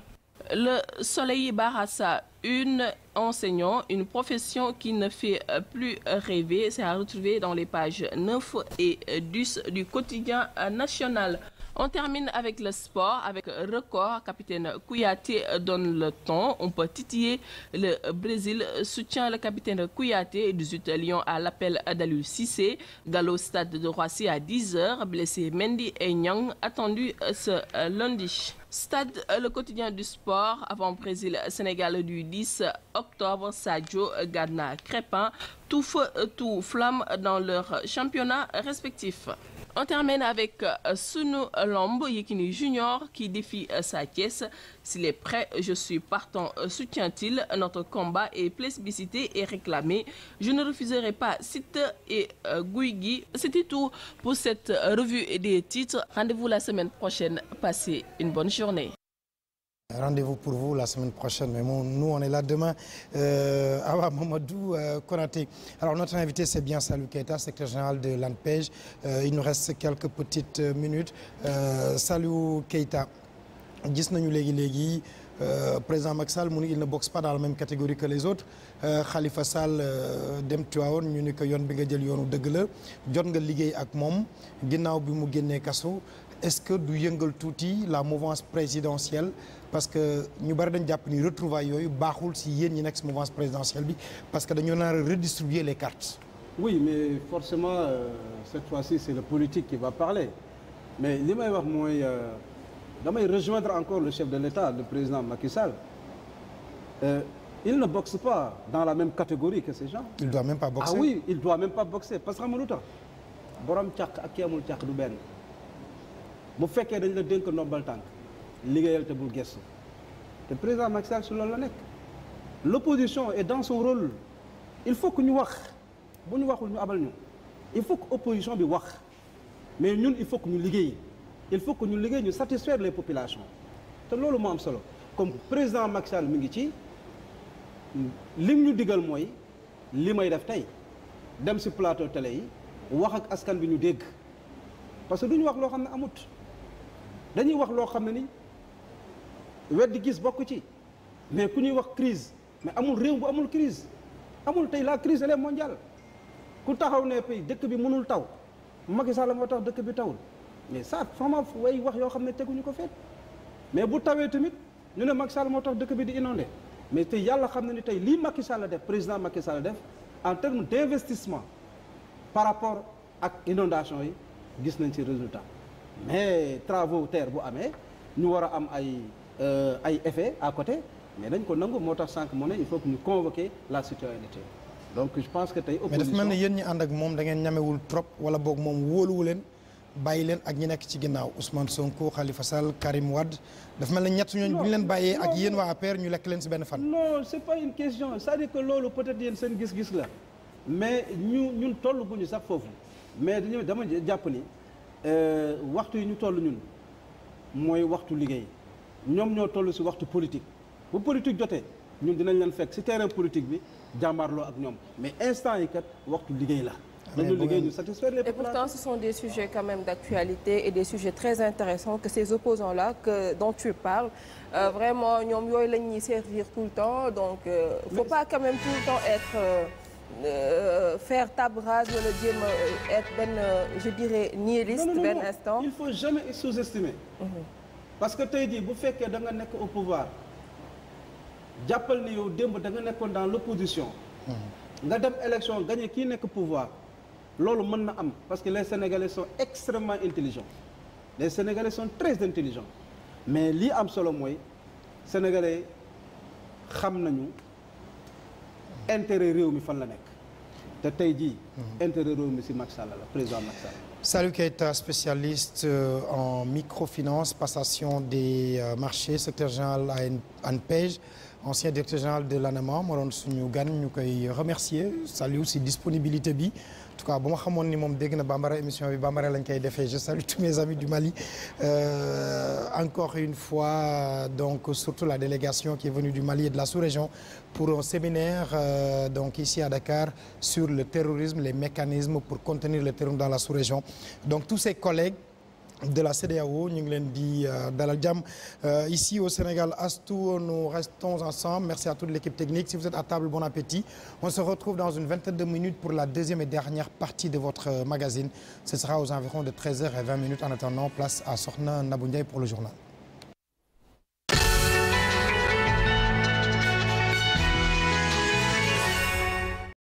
Le Soleil Barassa, une enseignant, une profession qui ne fait plus rêver, c'est à retrouver dans les pages 9 et 10 du quotidien national. On termine avec le sport, avec record. Capitaine Kouyaté donne le ton. On peut titiller le Brésil. Soutient le capitaine Kouyaté, 18 Lyon à l'appel d'Alul Sissé. Gallo stade de Roissy à 10h. Blessé Mendy et Nyang, attendu ce lundi. Stade, le quotidien du sport, avant Brésil-Sénégal du 10 octobre, Sadio, Ghana, Crépin, tout feu, tout flamme dans leurs championnats respectifs. On termine avec euh, Sunu lomb Yekini Junior qui défie euh, sa pièce. S'il est prêt, je suis partant, euh, soutient-il. Notre combat est plébiscité et réclamé. Je ne refuserai pas. Site et Guigui. C'était tout pour cette revue des titres. Rendez-vous la semaine prochaine. Passez une bonne journée. Rendez-vous pour vous la semaine prochaine, mais bon, nous on est là demain. Euh, Awa Mamadou euh, notre invité c'est bien salu Keita, secrétaire général de l'ANPEJ. Euh, il nous reste quelques petites minutes. Euh, Salou Keita gis nañu léegi léegi euh, président Macky Sall mu ne il ne boxe pas dans la même catégorie que les autres euh, Khalifa Sall dem Tivaouane ñu ni que yoon bi nga jël yoonu dëgg jot nga liggéey ak moom ginnaaw bi mu génnee kaso est-ce que du yëngal tuuti la mouvance présidentielle. parce que ñu bari dañ jàpp ni retrouvailles yooyu baaxul si yéen ñi nekk si mouvance présidentielle bi parce que dañoo nar a redistribuer les cartes. oui mais forcément euh, cette fois-ci c'est le politique qui va parler mais li may wax mooy euh, damay rejoindre encore le chef de l'État le président Macky Sall euh, il ne boxe pas dans la même catégorie que ces gens. il doit même pas boxer ah oui parce que xam nga lu tax borom càq ak ki amul càq du benn bu fekkee dañ la dénk ndombal liggéeyal te bul gestu te président Macky Sall si loolu la nekk l'opposition est dans son rôle il faut que ñu wax bu ñu waxul ñu abal ñu il faut que opposition bi wax mais ñun il faut que ñu liggéey il faut que ñu liggéey ñu satisfaire les populations te loolu moo am solo comme président Macky mu ngi ci li ñu digal mooy li may def tey dem si plateau télé yi wax ak askan bi ñu dégg parce que duñu wax loo xam ne amut dañuy wax loo xam ne ni weddi gis bokk ci mais ku ñuy wax crise mais amul réew bu amul crise amul tey la crise elle est mondiale ku taxaw ne pays dëkk bi mënul taw Macky Sall moo tax dëkk bi tawul mais ça vraiment way wax yoo xam ne teguñu ko feet mais bu tawee tamit ñu ne Macky Sall moo tax dëkk bi di inondé mais tey yàlla xam na ni tey lii Macky Sall def président Macky Sall def en terme d' investissement par rapport ak inondation yi gis nañ ci résultat mais travaux terre bu amee ñu war a am ay Euh, ay effet à côté mais dañ ko nangu moo tax sànq moo ne il faut que ñu convoquer la citoyenneté donc je pense que tey. opposition mais dafa mel ni yéen ñi ànd ak moom dangeen ngeen ñamewul trop wala boog moom wóoluwu leen bàyyi leen ak ñi nekk ci ginnaaw Ousmane Sonko Khalifa Sall Karim Wade dafa mel ne ñett ñooñu bu ñu leen bàyyee ak yéen a APR ñu lekk leen si benn fan. non c'est pas une question c'est-à-dire que loolu peut-être yéen seen gis-gis la mais ñu ñun toll guñu sax mais dañu dama jàpp ni euh, waxtu yi ñu toll ñun mooy waxtu liggéey. ñoom ñoo toll si waxtu politique bu politique jotee ñun dinañ leen fekk si terrain politique bi jàmbaarloo ak ñoom mais instant yi kat waxtu liggéey la. nañu liggéey ñu satisfaire les. et pourtant ce sont des sujets quand même d'actualité et des sujets très intéressants que ces opposants là que dont tu parles euh, vraiment ñoom yooyu la ñuy servir tout le temps donc. Euh, faut pas quand même tout le temps être. Euh, Euh, faire table rase wala jéem euh, instant. il faut jamais estimer mhm. parce que tey jii bu fekkee da nga nekk au pouvoir jàppal ni yow démb da nga nekkoon dans l'opposition hmm. nga dem élection gagné kii nekk pouvoir loolu mën na am parce que les sénégalais sont extrêmement intelligents les sénégalais sont très intelligents mais lii am solo mooy sénégalais xam nañu intérêt réew mi fan la nekk te tey jii. Hmm. intérêt réew mi ci Macky Sall la président Macky Sall. Salou Keita, spécialiste euh, en microfinance, passation des euh, marchés, secrétaire général à ANPEJ, ancien directeur général de l'ANAMA moo doon suñu gan ñu koy remercier Salou si disponibilité bi tout cas ma xamoon ni moom dégg na bambara émission bi bambara lañ koy defee je salue tous mes amis du Mali euh, encore une fois donc surtout la délégation qui est venue du Mali et de la sous-région pour un séminaire euh, donc ici à Dakar sur le terrorisme les mécanismes pour contenir le terrorisme dans la sous-région donc tous ces collègues de la CEDEAO ñu ngi leen di euh, dalal jàmm euh, ici au Sénégal Astou nous restons ensemble merci à toute l'équipe technique si vous êtes à table bon appétit on se retrouve dans une vingtaine de minutes pour la deuxième et dernière partie de votre euh, magazine ce sera aux environs de 13 et minutes en attendant place à Sokhna Nabou pour le journal